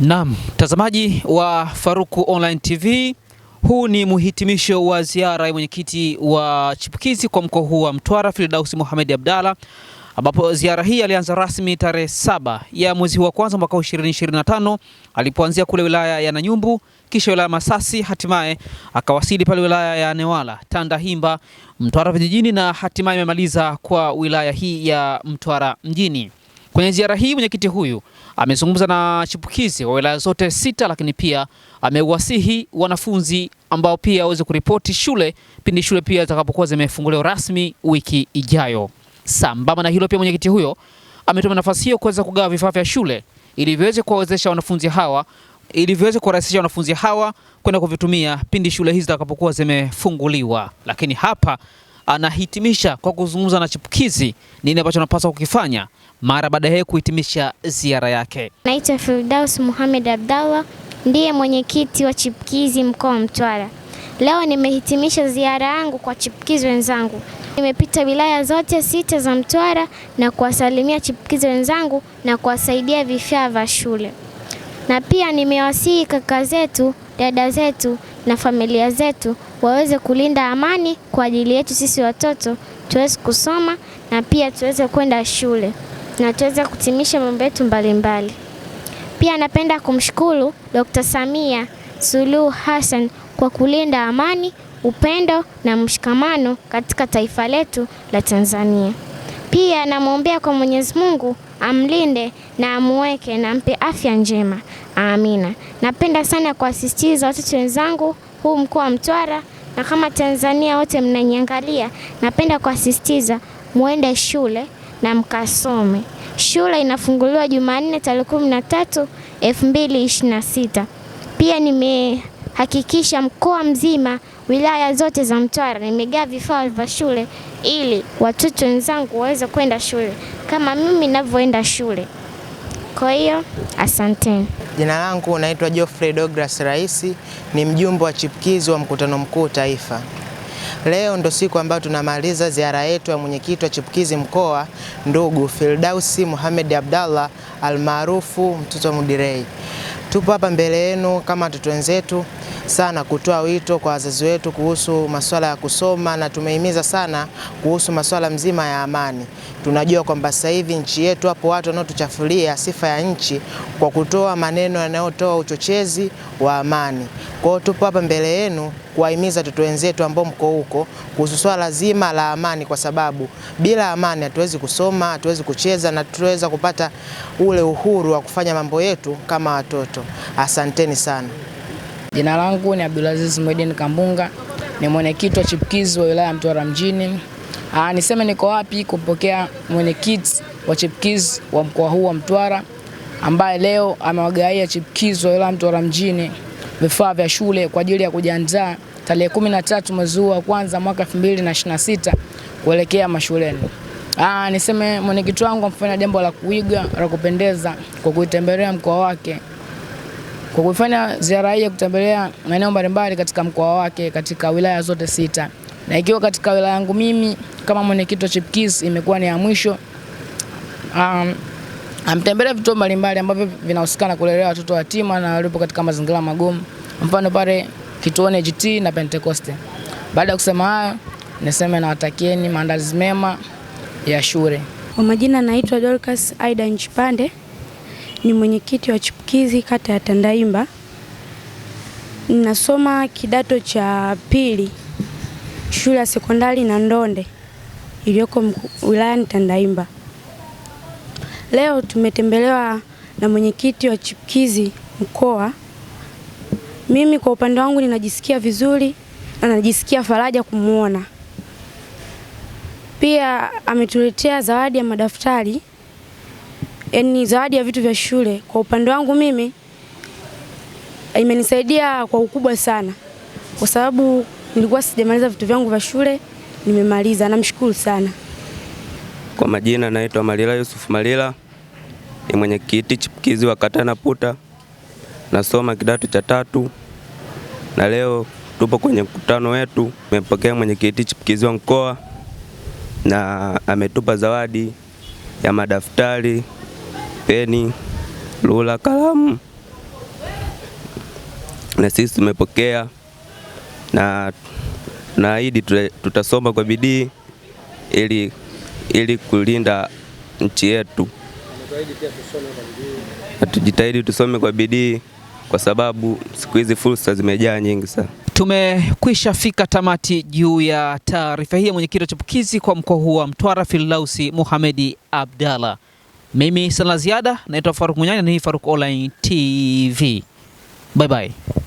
Naam, mtazamaji wa Faruku Online TV, huu ni muhitimisho wa ziara ya mwenyekiti wa chipukizi kwa mkoa huu wa Mtwara Firdausi Mohamed Abdalla, ambapo ziara hii alianza rasmi tarehe saba ya mwezi huu wa kwanza mwaka 2025 alipoanzia kule wilaya ya Nanyumbu kisha wilaya Masasi, hatimaye akawasili pale wilaya ya Newala, Tandahimba, Mtwara vijijini na hatimaye amemaliza kwa wilaya hii ya Mtwara mjini. Kwenye ziara hii mwenyekiti huyu amezungumza na chipukizi wa wilaya zote sita, lakini pia amewasihi wanafunzi ambao pia waweze kuripoti shule pindi shule pia zitakapokuwa zimefunguliwa rasmi wiki ijayo. Sambamba na hilo pia mwenyekiti huyo ametuma nafasi hiyo kuweza kugawa vifaa vya shule ili viweze kuwawezesha wanafunzi hawa ili viweze kuwarahisisha wanafunzi hawa kwenda kuvitumia pindi shule hizi zitakapokuwa zimefunguliwa. Lakini hapa anahitimisha kwa kuzungumza na chipukizi nini ambacho anapaswa kukifanya mara baada ya kuhitimisha ziara yake. Naitwa Firdaus Muhamed Abdallah, ndiye mwenyekiti wa chipukizi mkoa wa Mtwara. Leo nimehitimisha ziara yangu kwa chipukizi wenzangu. Nimepita wilaya zote sita za Mtwara na kuwasalimia chipukizi wenzangu na kuwasaidia vifaa vya shule, na pia nimewasihi kaka zetu, dada zetu na familia zetu waweze kulinda amani kwa ajili yetu sisi watoto, tuweze kusoma na pia tuweze kwenda shule na tuweze kutimisha mambo yetu mbalimbali. Pia napenda kumshukuru Dr. Samia Suluhu Hassan kwa kulinda amani, upendo na mshikamano katika taifa letu la Tanzania. Pia namwombea kwa Mwenyezi Mungu amlinde na amuweke na ampe afya njema. Amina. Napenda sana kuwasisitiza watoto wenzangu huu mkoa wa Mtwara na kama Tanzania wote mnaniangalia, napenda kuwasisitiza muende shule na mkasome. Shule inafunguliwa Jumanne tarehe kumi na tatu elfu mbili ishirini na sita. Pia nime hakikisha mkoa mzima, wilaya zote za Mtwara nimegawa vifaa vya shule ili watoto wenzangu waweze kwenda shule kama mimi ninavyoenda shule. Kwa hiyo asanteni. Jina langu naitwa Geoffrey Douglas Rais, ni mjumbe wa chipkizi wa mkutano mkuu taifa. Leo ndo siku ambayo tunamaliza ziara yetu ya mwenyekiti wa chipukizi mkoa ndugu Fildausi Mohamed Abdallah almaarufu mtoto Mudirei. Tupo hapa mbele yenu kama watoto wenzetu sana kutoa wito kwa wazazi wetu kuhusu masuala ya kusoma, na tumehimiza sana kuhusu masuala mzima ya amani. Tunajua kwamba sasa hivi nchi yetu hapo watu wanaotuchafulia sifa ya nchi kwa kutoa maneno yanayotoa uchochezi wa amani. Kwa hiyo tupo hapa mbele yenu kuwahimiza watoto wenzetu ambao mko huko kuhusu swala zima la amani, kwa sababu bila amani hatuwezi kusoma, hatuwezi kucheza na tutaweza kupata ule uhuru wa kufanya mambo yetu kama watoto watoto. Asanteni sana. Jina langu ni Abdulaziz Mwedin Kambunga, ni mwenyekiti wa chipkizi wa wilaya ya Mtwara mjini. Ah, niseme niko wapi kupokea mwenyekiti wa chipkizi wa mkoa huu wa Mtwara ambaye leo amewagaia chipkizi wa wilaya Mtwara mjini vifaa vya shule kwa ajili ya kujiandaa tarehe 13 mwezi wa kwanza mwaka 2026 kuelekea mashuleni. Ah, niseme mwenyekiti wangu amefanya jambo la kuiga la kupendeza kwa kuitembelea mkoa wake kwa kufanya ziara hii ya kutembelea maeneo mbalimbali katika mkoa wake katika wilaya zote sita, na ikiwa katika wilaya yangu mimi kama mwenyekiti wa Chipkiss imekuwa ni ya mwisho. Um, amtembelea vituo mbalimbali ambavyo vinahusikana kulelea watoto yatima na walipo katika mazingira magumu, mfano pale kituoni GT na Pentecoste. Baada ya kusema hayo, niseme nawatakieni maandalizi mema ya shule. Kwa majina naitwa Dorcas Aidan Chipande ni mwenyekiti wa chipukizi kata ya Tandaimba. Ninasoma kidato cha pili shule ya sekondari na ndonde iliyoko wilayani Tandaimba. Leo tumetembelewa na mwenyekiti wa chipukizi mkoa. Mimi kwa upande wangu ninajisikia vizuri na najisikia faraja kumwona. Pia ametuletea zawadi ya madaftari yani zawadi ya vitu vya shule. Kwa upande wangu mimi imenisaidia kwa ukubwa sana, kwa sababu nilikuwa sijamaliza vitu vyangu vya shule, nimemaliza. Namshukuru sana. Kwa majina naitwa Malila Yusuf Malila, ni mwenyekiti chipukizi wa kata Naputa, nasoma kidato cha tatu, na leo tupo kwenye mkutano wetu. mwenye mwenyekiti chipukizi wa mkoa na ametupa zawadi ya madaftari peni, lula, kalamu, na sisi tumepokea na naahidi tutasoma kwa bidii ili, ili kulinda nchi yetu. Tujitahidi tusome kwa bidii kwa sababu siku hizi fursa zimejaa nyingi sana. Tumekwisha fika tamati juu ya taarifa hii ya mwenyekiti wa chipukizi kwa mkoa huu wa Mtwara Filidausi muhamedi Abdalla. Mimi sina ziada, naitwa Faruk Munyanya, ni Faruk Online TV. Bye bye.